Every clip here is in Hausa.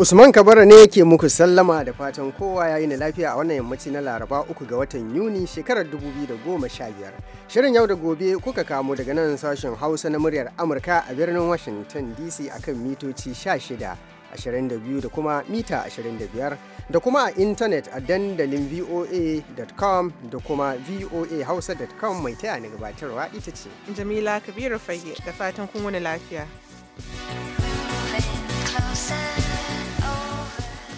Usman Kabara ne yake muku sallama da fatan kowa yayi na lafiya a wannan yammaci na Laraba uku ga watan Yuni shekarar 2015. Shirin yau da gobe kuka kamo daga nan sashen Hausa na muryar Amurka a birnin Washington DC akan mitoci 16. 22 da kuma mita 25 da kuma a intanet a dandalin voa.com da kuma voahausa.com mai taya na gabatarwa ita ce. Jamila Kabiru Fage da fatan kun wani lafiya.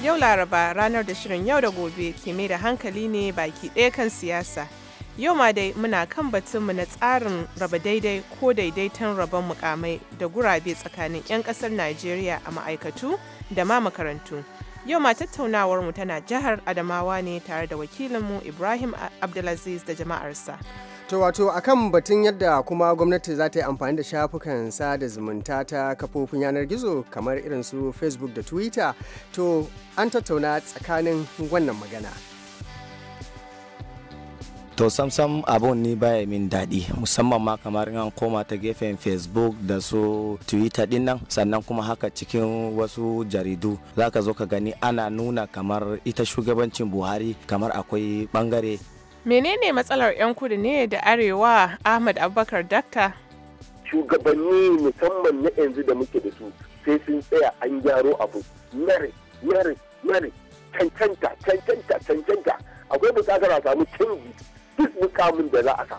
Yau Laraba ranar da shirin yau da gobe ke mai da hankali ne baki ɗaya kan siyasa. Yau ma dai muna kan batunmu na tsarin raba daidai ko daidaiton rabon mukamai da gurabe tsakanin 'yan kasar Najeriya a ma'aikatu da ma makarantu. Yau ma tattaunawarmu tana jihar Adamawa ne tare da wakilinmu Ibrahim Abdulaziz da jama'arsa. To wato a kan batun yadda kuma gwamnati za ta yi amfani da shafukan sada zumunta ta kafofin yanar gizo kamar irin su Facebook da Twitter, to an tattauna tsakanin wannan magana. to samsam abun ni baya min daɗi musamman ma kamar an koma ta gefen facebook da su twitter din nan sannan kuma haka cikin wasu jaridu za ka zo ka gani ana nuna kamar ita shugabancin buhari kamar akwai bangare menene matsalar 'yan kudu ne da arewa ahmad abubakar dakta shugabanni musamman na yanzu da muke da su sai sun tsaya an gyaro abu yare yare yare cancanta cancanta cancanta akwai bukatar a samu canji duk mukamin da za a sa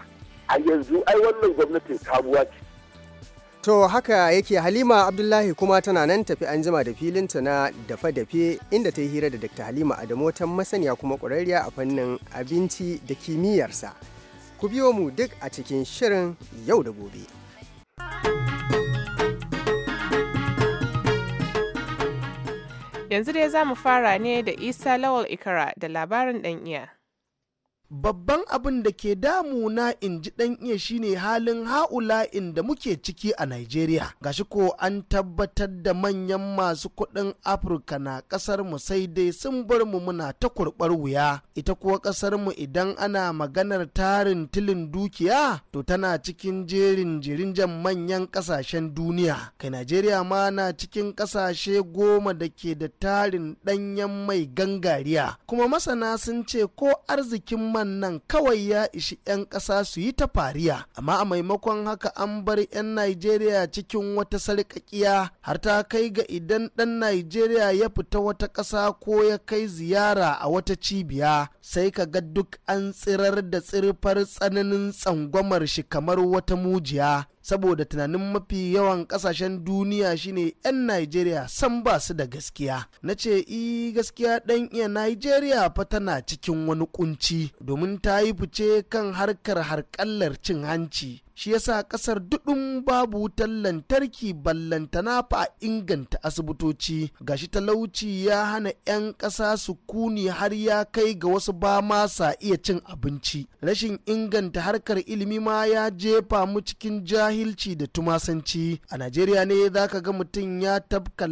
a yanzu ai wannan gwamnatin sabuwa ce To haka yake Halima Abdullahi kuma tana nan tafi an jima da filinta na dafe-dafe inda ta yi hira da Dr. Halima Adamu ta masaniya kuma kwararriya a fannin abinci da kimiyyarsa. Ku biyo mu duk a cikin shirin yau da gobe. Yanzu dai za mu fara ne da Isa Lawal Ikara da labarin ɗan iya. babban abin da ke damuna in ji dan iya shine halin ha'ula'in da muke ciki a Najeriya. Gashi ko an tabbatar da manyan masu kuɗin Afirka na ƙasar mu sai dai sun bar mu muna ta kurɓar wuya. Ita kuwa ƙasar mu idan ana maganar tarin tilin dukiya to tana cikin jerin jirinjan manyan ƙasashen duniya. Kai Najeriya ma na cikin ƙasashe goma da ke da tarin ɗanyen mai gangariya. Kuma masana sun ce ko arzikin nan kawai ya ishi 'yan ƙasa su yi ta fariya amma a maimakon haka an bar 'yan najeriya cikin wata sarƙaƙiya har ta kai ga idan ɗan najeriya ya fita wata ƙasa ko ya kai ziyara a wata cibiya sai ka ga duk an tsirar da tsirfar tsananin tsangwamar shi kamar wata mujiya saboda tunanin mafi yawan kasashen duniya shine 'yan Najeriya san ba su da gaskiya. Na ce i gaskiya ɗan iya Najeriya fa tana cikin wani kunci domin ta yi fice kan harkar harkallar cin hanci shi yasa kasar dudun babu wutar lantarki ballantana fa a inganta asibitoci gashi talauci ya hana 'yan ƙasa su kuni har ya kai ga wasu ba ma sa iya cin abinci rashin inganta harkar ilimi ma ya jefa mu cikin jahilci da tumasanci a najeriya ne za ka ga mutum ya tafka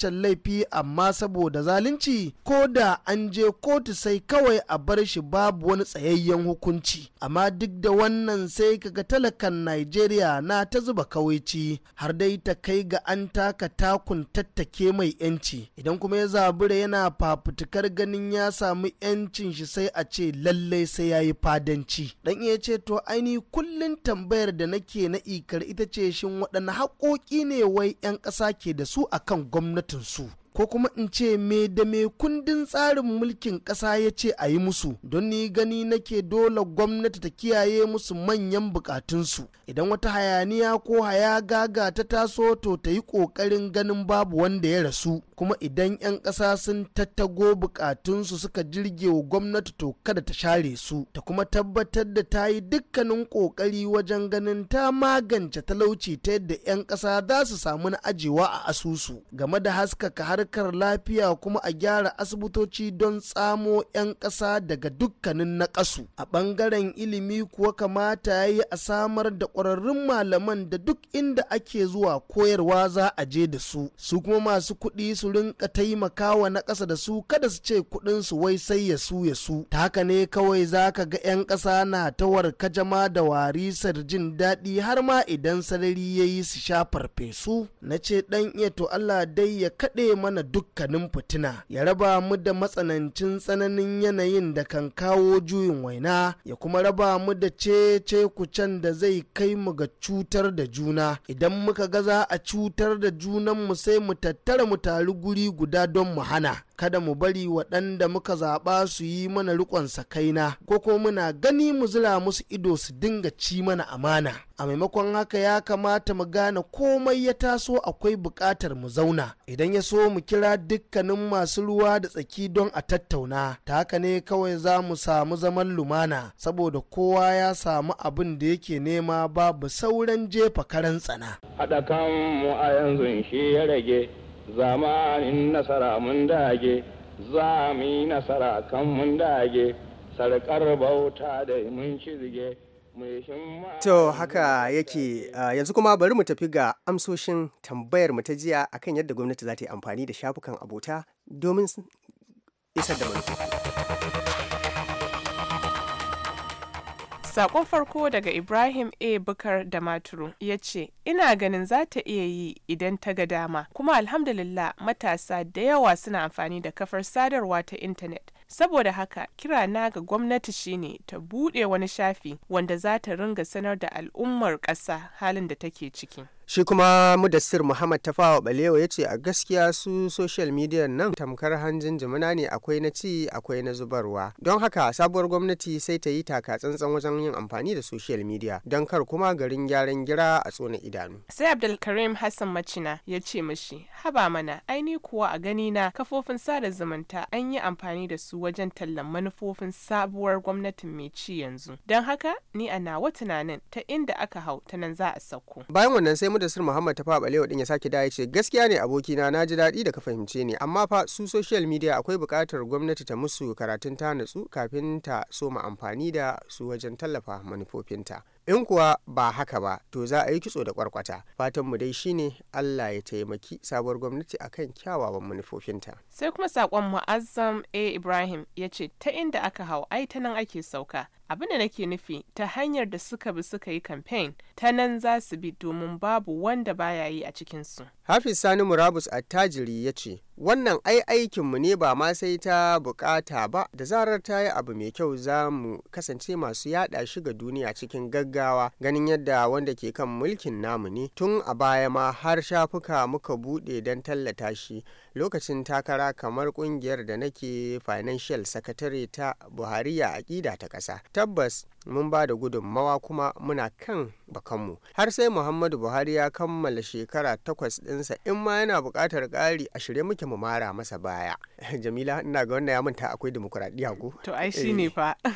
can laifi amma saboda zalunci ko da an je kotu sai kawai a bar shi babu wani tsayayyen hukunci amma duk da wannan sai ka ga talaka talakan Najeriya na ta zuba kawaici har dai ta kai ga an taka takun tattake mai yanci idan kuma ya zabura yana fafutukar ganin ya samu yancin shi sai a ce lallai sai ya yi fadanci dan iya ce to aini kullun tambayar da nake na ikar ita ce shin waɗanne haƙoƙi ne wai 'yan ƙasa ke da su akan gwamnatin su ko kuma in ce me da me kundin tsarin mulkin ƙasa ya ce a yi musu don ni gani nake dole gwamnati ta kiyaye musu manyan bukatunsu idan wata hayaniya ko haya gaga ta taso to ta yi ƙoƙarin ganin babu wanda ya rasu kuma idan 'yan ƙasa sun tattago bukatunsu suka jirge wa gwamnati to kada ta share su ta kuma tabbatar da ta yi dukkanin ƙoƙari wajen ganin ta magance talauci ta yadda 'yan ƙasa za su samu na ajewa a asusu game da haskaka har harkar lafiya kuma a gyara asibitoci don tsamo 'yan ƙasa daga dukkanin na naƙasu a ɓangaren ilimi kuwa kamata ya yi a samar da ƙwararrun malaman da duk inda ake zuwa koyarwa za a je da su su kuma masu kuɗi su rinka taimakawa na ƙasa da su kada su ce kuɗin su wai sai ya su ya su ta haka ne kawai za ka ga 'yan ƙasa na ta warkajama da warisar jin daɗi har ma idan sarari ya yi su sha farfesu na ce ɗan iya to Allah dai ya kaɗe mana mana dukkanin fitina ya raba mu da matsanancin tsananin yanayin da kan kawo juyin waina ya kuma raba mu da cece kucen da zai kai mu ga cutar da juna idan muka gaza a cutar da junanmu sai mu tattara mu tari guri guda don mu hana kada mu bari waɗanda muka zaɓa su yi mana riƙon sakaina ko kuma muna gani mu zira musu ido su dinga ci mana amana a maimakon haka ya kamata mu gane komai ya taso akwai buƙatar mu zauna idan ya so mu kira dukkanin masu ruwa da tsaki don a tattauna ta haka ne kawai za mu samu zaman lumana saboda kowa ya samu abin da yake nema babu sauran jefa karan tsana haɗa kan mu a yanzu shi ya rage zamanin nasara mun dage za mu nasara kan mun dage sarkar bauta da mun shirge To haka yake yanzu kuma bari mu tafi ga amsoshin tambayar mu ta jiya akan yadda gwamnati za ta yi amfani da shafukan abota domin isar da manufa. Sakon farko daga Ibrahim A. Bukar da Maturu ya ce, Ina ganin za ta iya yi idan ta ga dama, kuma alhamdulillah matasa da yawa suna amfani da kafar sadarwa ta intanet. Saboda haka, kira na ga gwamnati shine ta buɗe wani shafi wanda za ta ringa sanar da al'ummar ƙasa halin da take ciki. shi kuma mudassir muhammad tafawa balewa ya ce a gaskiya su social media nan tamkar hanjin jimina ne akwai na ci akwai na zubarwa don haka sabuwar gwamnati sai ta yi taka tsantsan wajen yin amfani da social media don kar kuma garin gyaran gira a tsona idanu sai abdulkarim hassan macina ya ce mashi haba mana aini kuwa a gani na kafofin sada zumunta an yi amfani da su wajen tallan manufofin sabuwar gwamnatin mai ci yanzu don haka ni a nawa tunanin ta inda aka hau ta nan za a sauko bayan wannan sai sir Muhammad ta faɓa lewa din ya sake da ce gaskiya ne abokina na ji daɗi da ka fahimce ni amma fa su social media akwai buƙatar gwamnati ta musu karatun ta natsu kafin ta soma amfani da su wajen tallafa manufofinta. In kuwa ba haka ba to za a yi kitso da kwarkwata. Fatan mu dai shine Allah ya taimaki sabuwar gwamnati akan kyawawan manufofinta. Sai kuma saƙon Mu'azzam A Ibrahim ya ce ta inda aka hau ai ta nan ake sauka. abin da nake nufi ta hanyar da suka bi suka yi kamfen ta nan za su bi domin babu wanda baya yi a cikinsu. hafiz sani murabus attajiri ya ce wannan ai aikinmu ne ba ma sai ta bukata ba da zarar ta yi abu mai kyau za mu kasance masu yada shi ga duniya cikin gaggawa ganin yadda wanda ke kan mulkin namu ne tun a baya ma har shafuka muka bude don tallata shi lokacin takara kamar kungiyar da nake financial secretary ta buhariya a aƙida ta ƙasa tabbas mun ba da gudunmawa kuma muna kan bakanmu har sai muhammadu buhari ya kammala shekara takwas ɗinsa in ma yana buƙatar ƙari a shirye muke mu mara masa baya jamila ina ga wannan ya manta akwai demokuraɗiyya ko to ai shi ne eh. fa eh.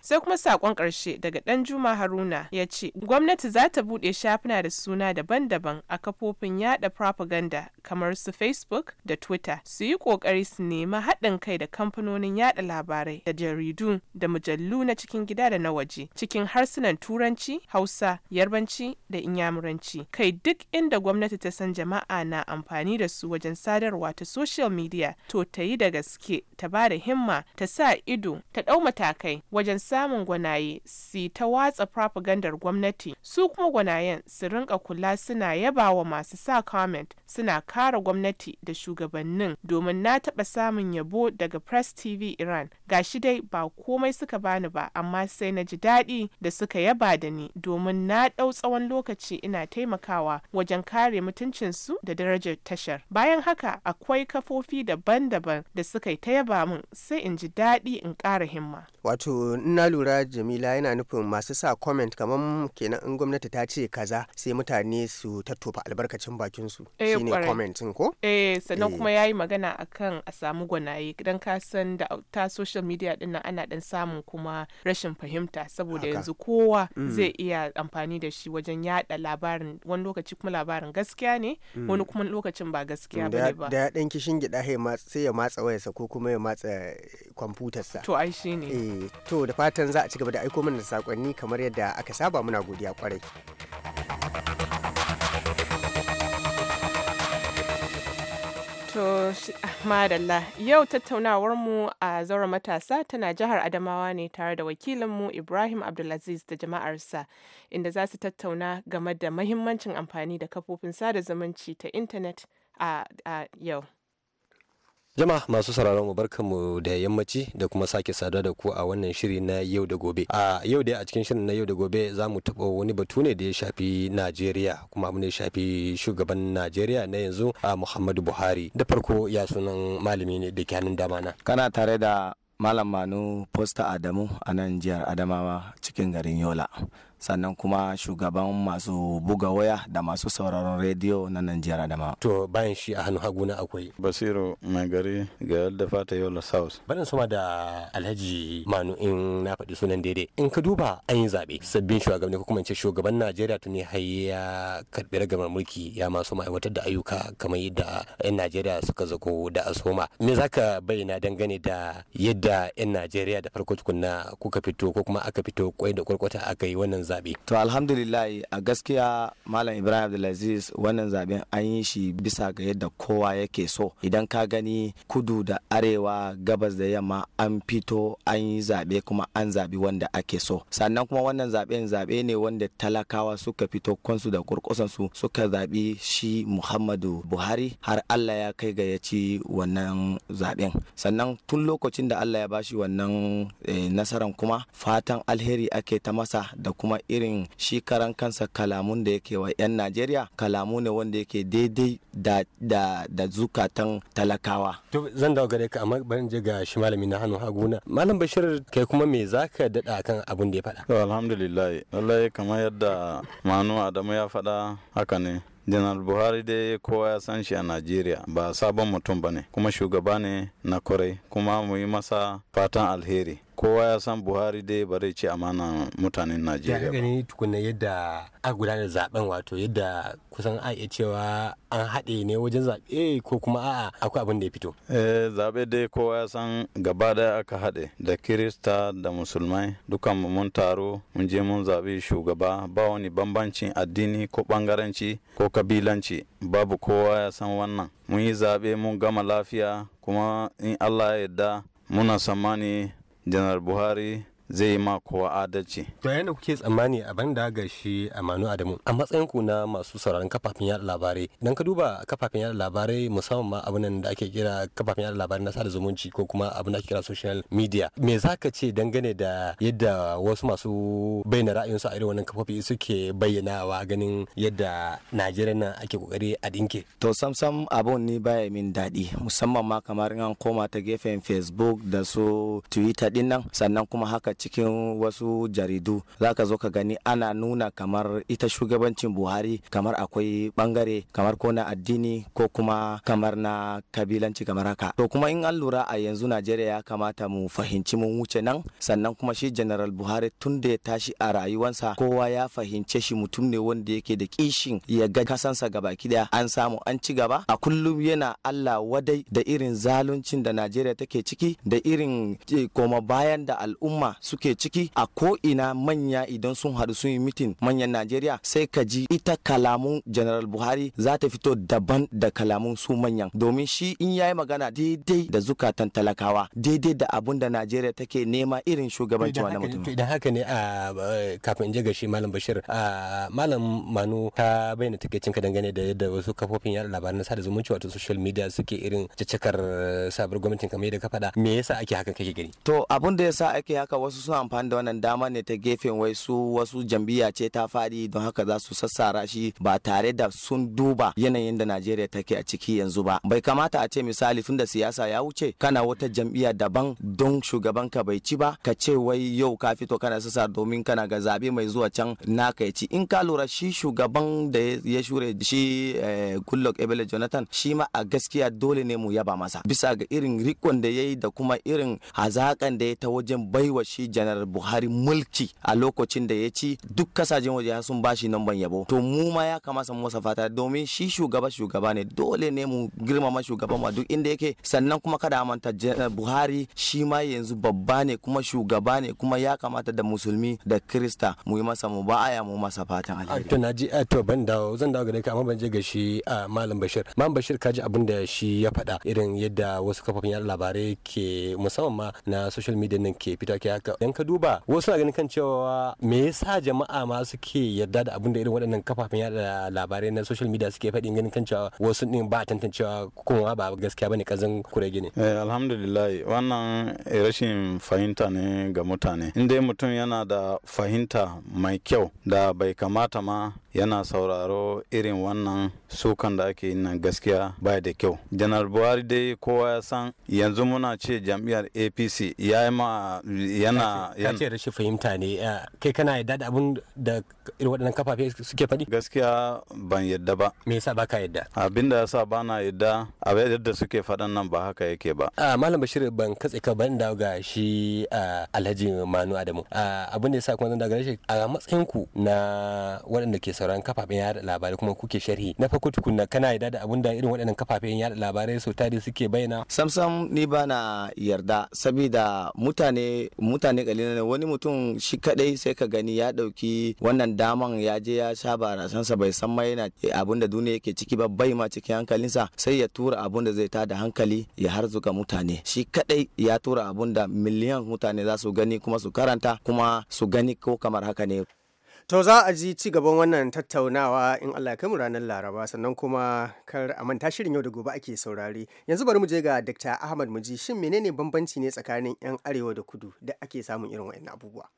sai kuma saƙon ƙarshe daga ɗan juma haruna ya ce gwamnati za ta buɗe shafuna da suna daban-daban a kafofin yaɗa propaganda kamar su facebook da twitter su yi ƙoƙari su nema haɗin kai da kamfanonin yaɗa labarai da jaridu da mujallu na cikin gida da na waje cikin harsunan turanci hausa yarbanci da inyamuranci kai duk inda gwamnati ta san jama'a na amfani da su wajen sadarwa ta social media to ta yi da gaske ta ba da himma ta sa ido ta ɗau matakai wajen samun gwanaye su ta watsa propagandar gwamnati su kuma gwanayen su rinka kula suna yaba wa masu sa comment suna kara gwamnati da shugabannin domin na taɓa samun yabo daga press tv iran gashi dai ba komai suka bani ba amma sai sai na ji daɗi da suka yaba da ni domin na ɗau tsawon lokaci ina taimakawa wajen kare mutuncinsu da darajar tashar. Bayan haka akwai kafofi daban-daban da suka yi ta yaba min sai in ji daɗi in ƙara himma. wato na lura jamila yana nufin masu sa comment kamar kenan in gwamnati ta ce kaza sai mutane su tattofa albarkacin bakin su eh, shine comment ko eh sannan eh. kuma yayi magana akan a samu gwanaye dan ka san da ta social media din nan ana dan samun kuma rashin fahimta saboda yanzu kowa mm. zai iya amfani da shi wajen yada labarin wani lokaci kuma labarin gaskiya ne mm. wani kuma lokacin ba gaskiya mm, bane ba da ya dan kishin gida sai ya matsa wayarsa ko kuma ya matsa kwamfutarsa to ai shine eh, to da fatan za a ci gaba da aiko mana sakonni kamar yadda aka saba muna godiya kwarai To, ah, madalla yau tattaunawarmu a zaura matasa tana jihar Adamawa ne tare da wakilin mu Ibrahim Abdulaziz da jama'arsa inda za su tattauna game da mahimmancin amfani da kafofin sada zumunci ta intanet a yau. Jama'a masu sauraron mu da yammaci da kuma sake saduwa da ku a wannan shiri na yau da gobe. A yau dai a cikin shirin na yau da gobe za mu taɓa wani batu ne da ya shafi Najeriya kuma abin ne shafi shugaban Najeriya na yanzu a Muhammadu Buhari. Da farko ya sunan malami ne da kyanin dama na. Kana tare da Malam Manu Posta Adamu a nan jihar Adamawa cikin garin Yola. sannan kuma shugaban masu buga waya da masu sauraron rediyo na Najeriya da ma. To bayan shi a hannu haguna akwai. Basiru mai gari ga yadda fata yau la south. Barin sama da Alhaji Manu in na faɗi sunan daidai. In ka duba an yi zaɓe sabbin shugabanni ko kuma ce shugaban Najeriya ne har ya karɓi ragamar mulki ya masu ma'aikatar da ayyuka kamar yadda 'yan Najeriya suka zago da asoma. Me za ka bayyana dangane da yadda 'yan Najeriya da farko tukunna kuka fito ko kuma aka fito kwai da kwarkwata aka yi wannan zaɓe. To alhamdulillah a gaskiya Malam Ibrahim Abdulaziz wannan zaɓen an yi shi bisa ga yadda kowa yake so. Idan ka gani kudu da arewa gabas da yamma an fito an yi zaɓe kuma an zaɓi wanda ake so. Sannan kuma wannan zaɓen zaɓe ne wanda talakawa suka fito kansu da kurkusan su suka zaɓi shi Muhammadu Buhari har Allah ya kai ga ya ci wannan zaɓen. Sannan tun lokacin da Allah ya bashi wannan eh, nasaran kuma fatan alheri ake ta masa da kuma irin shi karan kansa kalamun da yake wa 'yan najeriya kalamu ne wanda yake daidai da, da, da zukatan talakawa to zan dawo gare ka amma ban je ga shi malami na hannun na malam bashir kai kuma me zaka dada kan abun da ya faɗa to alhamdulillah wallahi kamar yadda manu adamu ya faɗa haka ne janar buhari dai kowa ya san shi a najeriya ba sabon mutum ba ne kuma shugaba ne na kurai kuma mu yi masa fatan alheri kowa ya san buhari dai ba zai ci amana mutanen najeriya ya gani tukunna yadda a gudanar zaben wato yadda kusan a iya cewa an haɗe ne wajen zaɓe ko kuma a'a akwai abin da ya fito eh zaɓe dai kowa ya san gaba daya aka haɗe da kirista da musulmai dukan mun taro mun je mun zaɓi shugaba ba wani bambancin addini ko bangaranci ko kabilanci babu kowa ya san wannan mun yi zaɓe mun gama lafiya kuma in allah ya yarda muna tsammani general Buhari zai ma kowa adalci. To yana da kuke tsammani a banda ga shi a Manu Adamu a matsayin ku na masu sauraron kafafen yada labarai idan ka duba kafafen yada labarai musamman ma abin da ake kira kafafen yada labarai na sada zumunci ko kuma abin da ake kira social media me za ka ce dangane da yadda wasu masu bayyana ra'ayinsu a irin wannan kafofi suke bayyanawa ganin yadda Najeriya nan ake kokari a dinke. To samsam abun ni baya min daɗi musamman ma kamar an koma ta gefen Facebook da su Twitter din nan sannan kuma haka cikin wasu jaridu za ka zo ka gani ana nuna kamar ita shugabancin buhari kamar akwai bangare kamar ko na addini ko kuma kamar na kabilanci kamar haka to kuma in an lura a yanzu najeriya ya kamata mu fahimci mun wuce nan sannan kuma shi general buhari tun da ya tashi a rayuwansa kowa ya fahimce shi mutum ne wanda yake da kishin ya ga kasansa gaba daya an samu an ci gaba a kullum yana allah wadai da irin zaluncin da najeriya take ciki da irin eh, koma bayan da al'umma suke ciki a ko ina manya idan sun haɗu sun yi mitin manyan Najeriya sai ka ji ita kalamun General Buhari za ta fito daban da kalamun su manyan domin shi in ya yi magana daidai da zukatan talakawa daidai da abun da Najeriya take nema irin shugabanci wani mutum. Idan haka ne a kafin in je ga shi Malam Bashir Malam Manu ta bayyana takaicin ka dangane da yadda wasu kafofin yada labaran sada zumunci wato social media suke irin cakar eh, sabar gwamnatin kamar yadda ka faɗa me yasa ake haka kake gani. To abun da yasa ake haka wasu wasu su amfani da wannan dama ne ta gefen wai su wasu jam'iyya ce ta fadi don haka za su sassara shi ba tare da sun duba yanayin da Najeriya take a ciki yanzu ba. Bai kamata a ce misali tunda siyasa ya wuce kana wata jam'iyya daban don shugaban ka bai ci ba ka ce wai yau ka fito kana sassa domin kana ga zabe mai zuwa can naka ya ci in ka lura shi shugaban da ya shure shi eh, Goodluck Ebele Jonathan shi ma a gaskiya dole ne mu yaba masa bisa ga irin rikon da ya yi da kuma irin hazakan da ya ta wajen baiwa shi janar buhari mulki a lokacin da ya ci duk kasashen waje sun bashi namban yabo to mu ma ya kamata mu masa fata domin shi shugaba shugaba ne dole ne mu girmama shugaban ma duk inda yake sannan kuma kada manta janar buhari shi ma yanzu babba ne kuma shugaba ne kuma ya kamata da musulmi da krista mu yi masa mu ba'aya mu masa fatan ah, alheri to naji ah, to ban dawo zan dawo gare ka amma ban je ga shi ah, malam bashir malam bashir kaji abin da shi ya faɗa irin yadda wasu kafofin yaɗa labarai ke musamman ma na social media nan ke fita ke haka idan ka duba wasu na ganin kan cewa me yasa jama'a ma suke yarda da abin da irin waɗannan kafafen yada labarai na social media suke faɗin ganin kan cewa wasu din ba tantancewa kuma ba gaskiya bane kazan gini? eh alhamdulillah wannan rashin fahimta ne ga mutane dai mutum yana da fahimta mai kyau da bai kamata ma yana sauraro irin wannan sukan da ake yin gaskiya ba da kyau janar buhari dai kowa ya san yanzu muna ce jam'iyyar apc ya yana ka hm. ce rashin fahimta ne kai kana yadda da abun da irin waɗannan kafafe suke faɗi gaskiya ban yadda ba me yasa baka yadda da yasa na yadda abin yadda suke faɗan nan ba haka yake ba malam bashir ban katse ka ban dawo ga shi alhaji manu adamu abin da yasa kuma zan daga rashin a matsayin ku na waɗanda ke sauran kafafen yada labarai kuma kuke sharhi na farko tukunna kana yadda da abun da irin waɗannan kafafen yada labarai sau tari suke bayyana samsam ni ba na yarda sabida mutane mutane mutane kalilan wani mutum shi kadai sai ka gani ya dauki wannan daman ya je ya sha barasansa bai san ma yana abinda duniya yake ciki ba bai ma cikin hankalinsa sai ya tura abun da zai tada hankali ya harzuka mutane shi kadai ya tura abun da miliyan mutane za su gani kuma su karanta kuma su gani ko kamar haka ne To za a ji ci gaban wannan tattaunawa in Allah ya mu ranar Laraba sannan kuma kar a manta shirin yau da gobe ake saurare. Yanzu bari mu je ga Dr. Ahmad Muji shin menene bambanci ne tsakanin 'yan arewa da kudu da ake samun irin waɗannan abubuwa?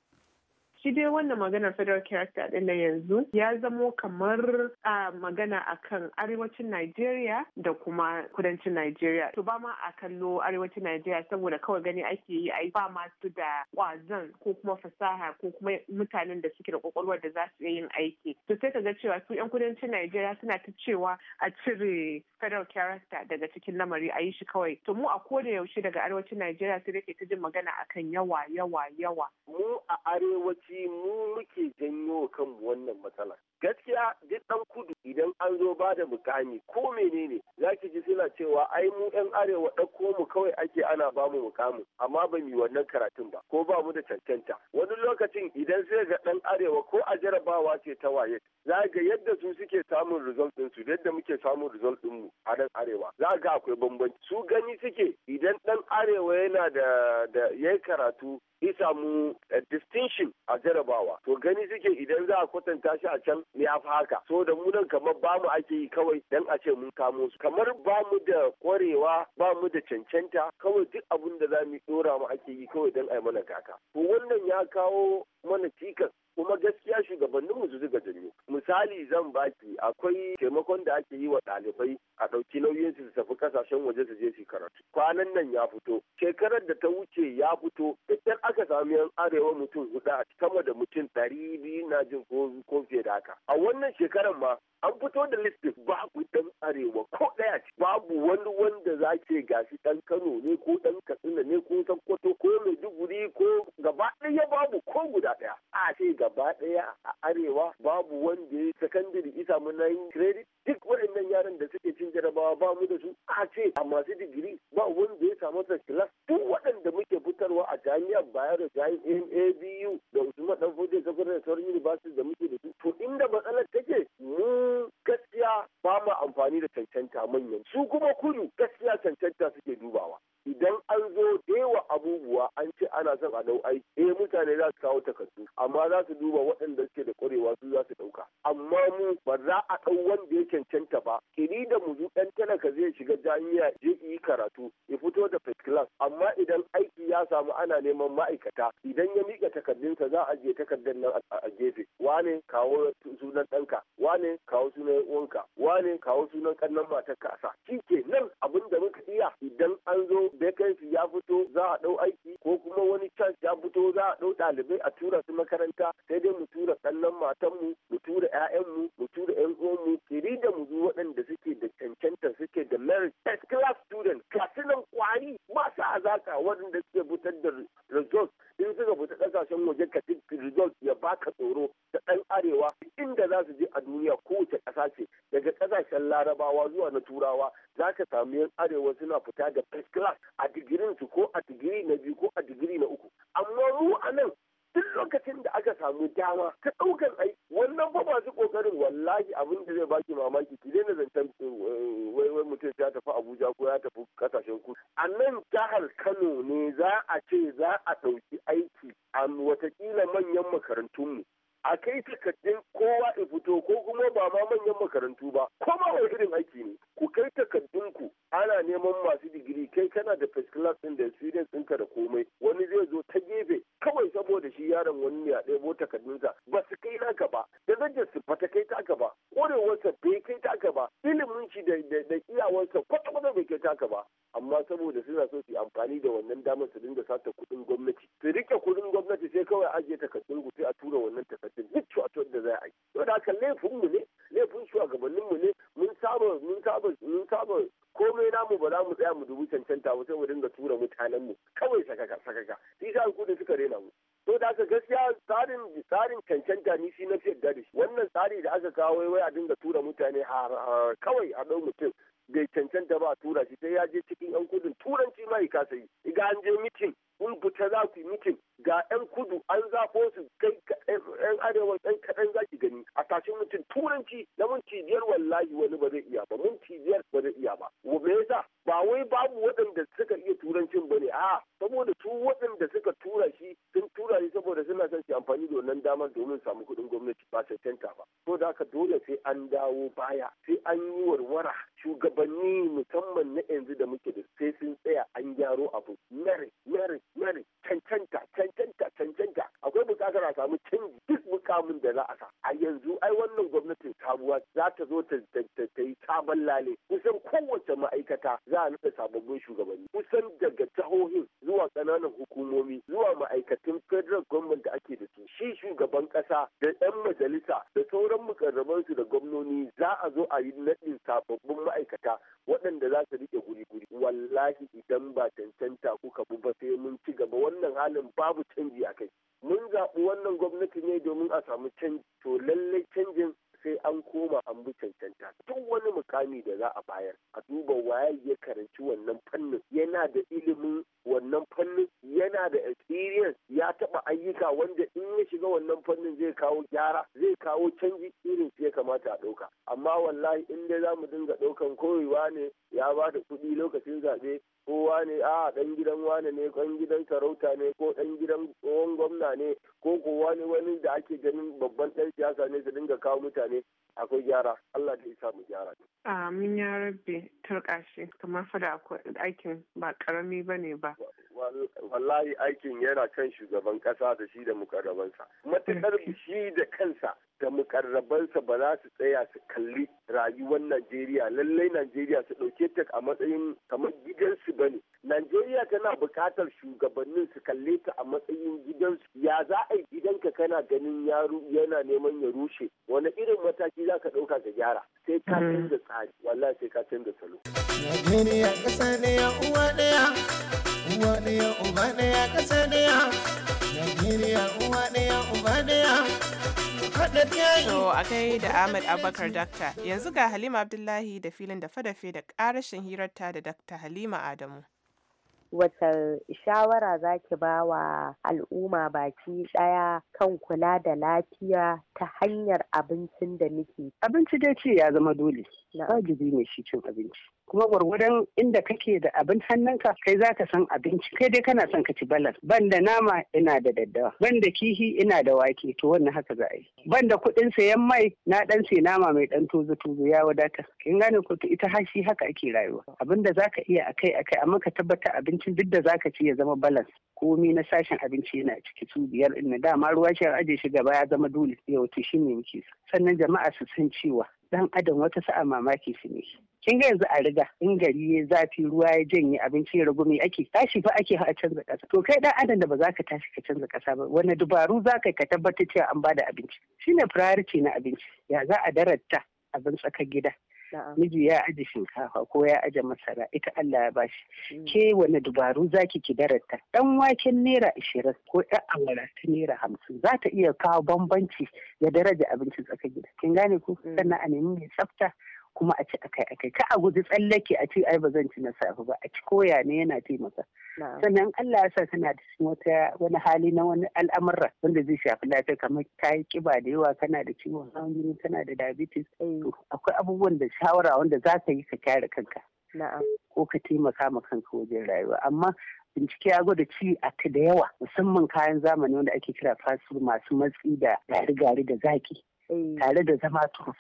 shi dai wannan maganar federal character din na yanzu ya zamo kamar a magana akan arewacin Najeriya da kuma kudancin Najeriya to ba ma a kallo arewacin Najeriya saboda kawai gani ake yi yi. ba masu da kwazon ko kuma fasaha ko kuma mutanen da suke da kwakwalwar da za su yin aiki to sai ka ga cewa su yan kudancin Najeriya suna ta cewa a cire federal character daga cikin lamari a yi shi kawai to mu a koda yaushe daga arewacin Najeriya sai ke ta jin magana akan yawa yawa yawa mu a arewacin. shi mu muke janyo kanmu wannan matsalar. Gaskiya duk ɗan kudu idan an zo ba da mukami ko menene za ki ji suna cewa ai mu 'yan arewa ɗauko mu kawai ake ana ba mu mukamin amma ba mu wannan karatun ba ko ba mu da cancanta. Wani lokacin idan sai ga ɗan arewa ko a jarabawa ce ta waye za ga yadda su suke samun result su yadda muke samun result ɗinmu a nan arewa za ga akwai bambanci. Su gani suke idan ɗan arewa yana da ya karatu isa mu eh, distinction a jarabawa to gani suke idan za a kwatanta shi a can ne ya fi haka so da mu nan kamar ba mu ake yi kawai dan a ce mun kamo su kamar ba mu da kwarewa ba mu da cancanta kawai duk abin da za mu dora mu ake yi kawai dan a yi mana kaka to wannan ya kawo mana cikas kuma gaskiya shugabannin mu zuga janyo misali zan baki akwai taimakon da ake yi wa ɗalibai a ɗauki nauyin su tafi kasashen waje su je su karatu kwanan nan ya fito shekarar da ta wuce ya fito da aka sami yan arewa mutum hudu a sama da mutum ɗari biyu na jin ko fiye da haka a wannan shekarar ma an fito da listin babu dan arewa ko ɗaya babu wani wanda za ce gashi dan kano ne ko dan katsina ne ko sokoto ko maiduguri ko gaba ɗaya babu ko guda ɗaya a ce gaba ɗaya a arewa babu wanda ya sakandare isa mu yin credit duk waɗannan yaran da suke cin jarabawa ba mu da su a ce a masu digiri ba wanda ya samu sa kilas duk waɗanda muke fitarwa a jami'ar bayero jami'ar abu da usman dan fode sakwarar da sauran university da muke da su to inda matsalar take mu gaskiya ba mu amfani da cancanta manyan su kuma kudu gaskiya cancanta suke dubawa idan an zo dewa abubuwa an ce ana son a dau aiki eh, mutane za su kawo takardu amma za su duba waɗanda suke da ƙwarewa su za su ɗauka amma mu ba za a ɗau wanda ya cancanta ba kini da mu ɗan talaka zai shiga jami'a je yi karatu ya fito da first class amma idan aiki ya samu ana neman ma'aikata idan ya miƙa takardunsa za a je takardar nan a gefe wane kawo sunan ɗanka wane kawo sunan wanka wane kawo sunan ƙannan matar kasa so za a ɗau ɗalibai a tura su makaranta sai dai mu tura tsallon matanmu mu tura ƴaƴanmu mu tura 'yan uwanmu kiri da mu bi waɗanda suke da cancanta suke da merit first class student nan kwari masu azaka waɗanda suke fitar da result in suka fita ƙasashen waje ka result ya baka tsoro da ɗan arewa inda za su je a duniya kowace ƙasa ce daga ƙasashen larabawa zuwa na turawa za ka samu yan arewa suna fita da first class a digirinsu ko a digiri na biyu ko dama ta ɗaukar ai wannan fa masu ƙoƙarin wallahi abin da zai baki mamaki ki daina zancen eh, wai wai mutum ya tafi Abuja ko ya tafi kasashen ku a nan jihar Kano ne za a ce za a ɗauki aiki a watakila manyan makarantunmu a kai takardun kowa in fito ko kuma ba ma manyan makarantu ba ko wani irin aiki ne ku kai ku. ana neman masu digiri kai kana da first class din da experience ɗinka da komai yaron wani ne a ɗebo takardunsa ba su kai naka ba darajar su ba ta kai taka ba ƙwarewarsa bai kai taka ba ilimin shi da iyawarsa kwata-kwata bai kai taka ba amma saboda suna so su amfani da wannan damar su dinga sata kuɗin gwamnati su rike kuɗin gwamnati sai kawai ajiye takardun sai a tura wannan takardun duk cuwatuwar da za a yi da haka laifinmu ne laifin shugabanninmu ne mun saba mun saba mun saba komai namu ba za mu tsaya mu dubu cancanta ba sai mu dinga tura mutanenmu kawai sakaka sakaka tsarin cancanta ni shi na fi da shi wannan tsari da aka kawo wai a dinga tura mutane kawai a ɗau mutum bai cancanta ba a tura shi sai ya je cikin yan kudin turanci ma kasa yi iga an je mitin in fita za ku yi mitin ga yan kudu an ko su kai yan arewa yan kaɗan za ki gani a tashin mutum turanci na mun cibiyar wallahi wani ba zai iya ba Mun cibiyar ba zai iya ba me yasa ba wai babu waɗanda suka iya turancin ba ne a saboda su waɗanda suka damar domin samu kudin gwamnati ba ta cancanta ba ko da haka dole sai an dawo baya sai an yi warwara shugabanni musamman na yanzu da muke da sai sun tsaya an gyaro abu mere mere mere cancanta cancanta cancanta akwai bukatar a samu canji duk mukamin da za a sa a yanzu ai wannan gwamnatin sabuwa za ta zo ta yi sabon lale kusan kowace ma'aikata za a nada sababbin shugabanni kusan daga jihohin zuwa ƙananan hukumomi zuwa ma'aikatan federal government yake da su shi shugaban kasa da 'yan majalisa da sauran mukarrabansu da gwamnoni za a zo a yi naɗin sababbin ma'aikata waɗanda za su rike guri-guri wallahi idan ba cancanta kuka bu ba sai mun ci gaba wannan halin babu canji a kai mun zaɓi wannan gwamnati ne domin a samu canji to lallai canjin sai an koma an bi cancanta duk wani mukami da za a bayar a duba waye ya karanci wannan fannin yana da ilimin wannan fannin yana da experience shiga wannan fannin zai kawo gyara kawo canji irin su ya kamata a ɗauka amma wallahi in dai za mu dinga ɗaukan koyewa ne ya ba da kuɗi lokacin zaɓe ko wane a ɗan gidan wane ne ɗan gidan sarauta ne ko ɗan gidan tsohon gwamna ne ko ko wane wani da ake ganin babban ɗan siyasa ne su dinga kawo mutane akwai gyara Allah da isa mu gyara ne. Amin ya rabbi turƙashi kamar fada aikin ba ƙarami ba ne ba. Wallahi aikin yana kan shugaban ƙasa da shi da mukarrabansa. Matuƙar shi da kansa da mukarrabansa ba za su tsaya su kalli rayuwar Najeriya lallai Najeriya su ɗauke ta a matsayin kamar gidansu ba ne. Najeriya tana bukatar shugabannin su kalle ta a matsayin gidansu ya za a yi gidanka kana ganin yaro yana neman ya rushe wani irin mataki za ka ɗauka ka gyara sai ka mm. canza tsari wallahi sai ka canza salo. Najeriya ƙasa ne ya uwa ɗaya uwa ɗaya uba ɗaya ƙasa ɗaya Najeriya uwa ɗaya To a kai da Ahmed Abubakar Dakta, yanzu ga Halima Abdullahi da filin da fadafe da ƙarashin hirarta da Dakta Halima Adamu. Wace shawara za ki ba wa al'umma baki ɗaya kan kula da lafiya ta hanyar abincin da muke? Abinci dai ce ya zama dole. ajibi ne shi cin abinci kuma gwargwadon inda kake da abin hannunka kai za ka san abinci kai dai kana son ka ci balas ban da nama ina da daddawa ban da kihi ina da wake to wannan haka za a yi ban da kuɗin sayan mai na ɗan sai nama mai ɗan tozo tozo ya wadata kin gane ko ita hashi haka ake rayuwa abin da zaka iya akai akai amma ka tabbata abincin duk da zaka ci ya zama balas komi na sashen abinci yana ciki su biyar na dama ruwa shi aje shi gaba ya zama dole yau to shine muke sannan jama'a su san cewa dan adam wata sa'a mamaki su ne kin ga yanzu a riga in gari ya zafi ruwa ya janye abinci ya ragu ake tashi fa ake a canza kasa to kai ɗan adam da ba za ka tashi ka canza kasa ba wani dubaru za ka ka tabbatar cewa an bada abinci shine priority na abinci ya za a darata abin tsakar gida miji ya aje shinkafa ko ya aje masara ita Allah ya bashi mm. ke wani dubaru zaki ki darata dan waken naira ashirin ko ɗan awara ta naira hamsin za ta iya kawo bambanci ya daraja abinci tsakar gida kin gane ko mm. sannan a nemi mai tsafta kuma a ci akai akai ka a guji tsallake a ce ai ba zan ci na safe ba a ci koya ne yana taimaka sannan Allah ya sa kana da wata wani hali na wani al'amarra wanda zai shafi lafiya kamar ka yi kiba da yawa kana da ciwon hawan jini kana da diabetes eh. akwai abubuwan da shawara wanda za ka yi ka kyara kanka ko ka taimaka ma kanka wajen rayuwa amma bincike ya gwada ci a da yawa musamman kayan zamani wanda ake kira fast masu matsi da gari-gari da zaki Eh. tare da zama to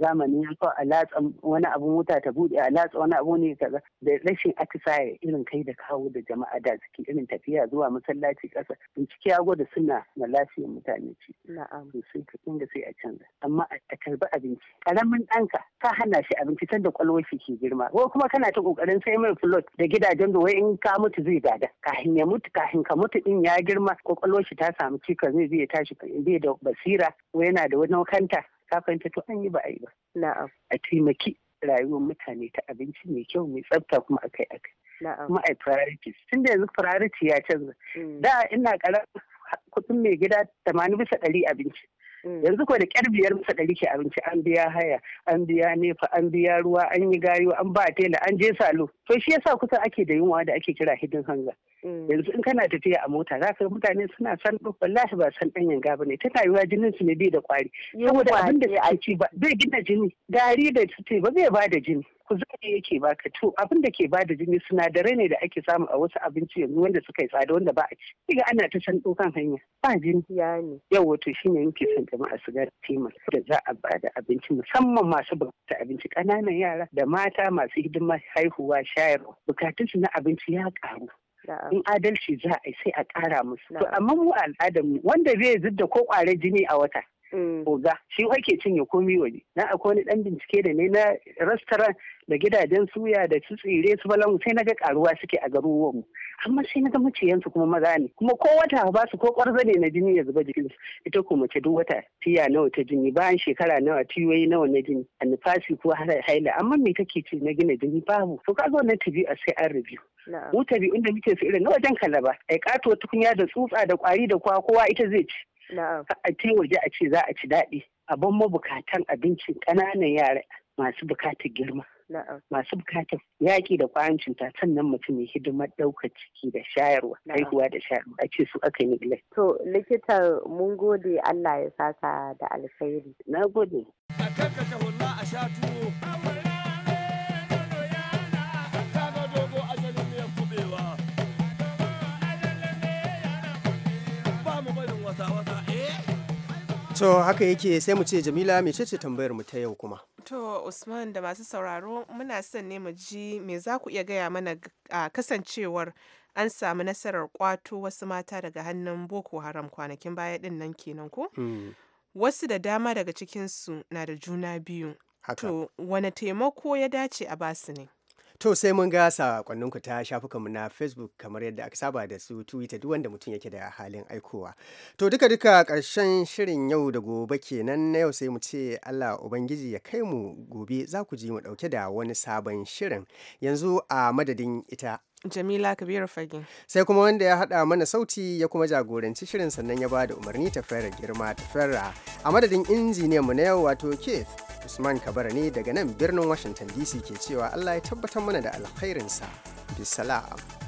zamani ya kawo alatsa wani abu mota ta bude alatsa wani abu ne kaza da rashin atisaye irin kai da kawo da jama'a da suke irin tafiya zuwa masallaci kasa bincike ya gwada suna na lafiyar mutane ce sai ka da sai a canza amma a tarbi abinci karamin ɗanka ka hana shi abinci san da kwalwar shi ke girma ko kuma kana ta kokarin sai mai float da gidajen da wai in ka mutu zai gada kafin ya mutu kafin ka mutu din ya girma kwakwalwar shi ta samu cika zai zai tashi bai da basira ko yana da wani Kanta kafin fahimta to an yi ba a yi ba na'am a taimaki rayuwar mutane ta abinci mai kyau mai tsafta kuma akai akai kuma ai priority tun da yanzu priority ya canza mm. da ina karar kudin mai gida tamanin bisa ɗari abinci mm. yanzu ko da ƙyar biyar bisa ɗari ke abinci an biya haya an biya nefa an biya ruwa an yi gayo an ba tela an je salo to shi yasa kusan ake da yunwa da ake kira hidin hanga Mm. yanzu in kana tafiya a mota za ka mutane suna san wallahi ba san ɗanyen gaba ne tana yiwa jinin su ne bai da kwari saboda abin da ya ci ba bai gina jini gari da ce ba zai ba da jini kuzari yake baka to abin da ke bada jini sinadarai ne da ake samu a wasu abinci yanzu wanda suka yi tsada wanda ba a ci kiga ana ta san dokan hanya ba jini ya ne yawa to shine yake son jama'a su ga kima da za a ba da abinci musamman masu bukata abinci kananan yara da mata masu hidima haihuwa shayarwa bukatun su na abinci ya karu in adalci za a sai a kara musu to amma mu al'adar mu wanda zai zidda ko ƙwarar jini a wata mm. oga shi ake cinye komi waje na akwai wani dan bincike da ne na restaurant da gidajen suya da su tsire su balamu sai na ga karuwa suke a garuruwan mu amma sai na ga maciyansu kuma maza ne kuma ko wata ba su ko kwarza ne na jini ya zuba jikin su ita ko mace duk wata tiya nawa ta jini bayan shekara nawa tiyoyi nawa na jini a nufasi ko haila amma me kake ci na gina jini babu to ka kaga wannan tabi'a sai an rubiyu Wuta tabi'un da muke su irin na wajen kalaba ai kato tukunya da tsutsa da kwari da kwa kowa ita zai ci a ce waje a ce za a ci daɗi abin mabukatan abincin ƙananan yara masu bukatar girma masu bukatar yaƙi da kwayan cuta sannan mutum mai hidimar ɗaukar ciki da shayarwa haihuwa da shayarwa a ce su aka neglect. to likita mun gode allah ya saka da alkhairi na gode a a to haka yake sai mu ce jamila ce tambayar mu ta yau kuma to usman da masu sauraro muna son ne mu ji me za ku iya gaya mana a kasancewar an samu nasarar kwato wasu mata daga hannun boko haram kwanakin baya din nan kenan ko hmm. wasu da dama daga cikinsu na da juna biyu to wane taimako ya dace a basu ne To sai mun ga sakonninku ta mu na Facebook kamar yadda aka saba da su Twitter duk wanda mutum yake da halin aikowa. To duka duka ƙarshen shirin yau da gobe kenan na yau sai mu ce Allah Ubangiji ya kai mu gobe za ku ji mu ɗauke da wani sabon shirin. Yanzu a madadin ita Jamila Kabiru fage. Sai kuma wanda ya haɗa mana sauti ya kuma jagoranci shirin sannan ya ba da umarni ta fara girma ta fara a madadin injiniyan mu na yau wato Keith Usman Kabara ne daga nan birnin Washington DC ke cewa Allah ya tabbatar mana da alkhairinsa. Bisalam.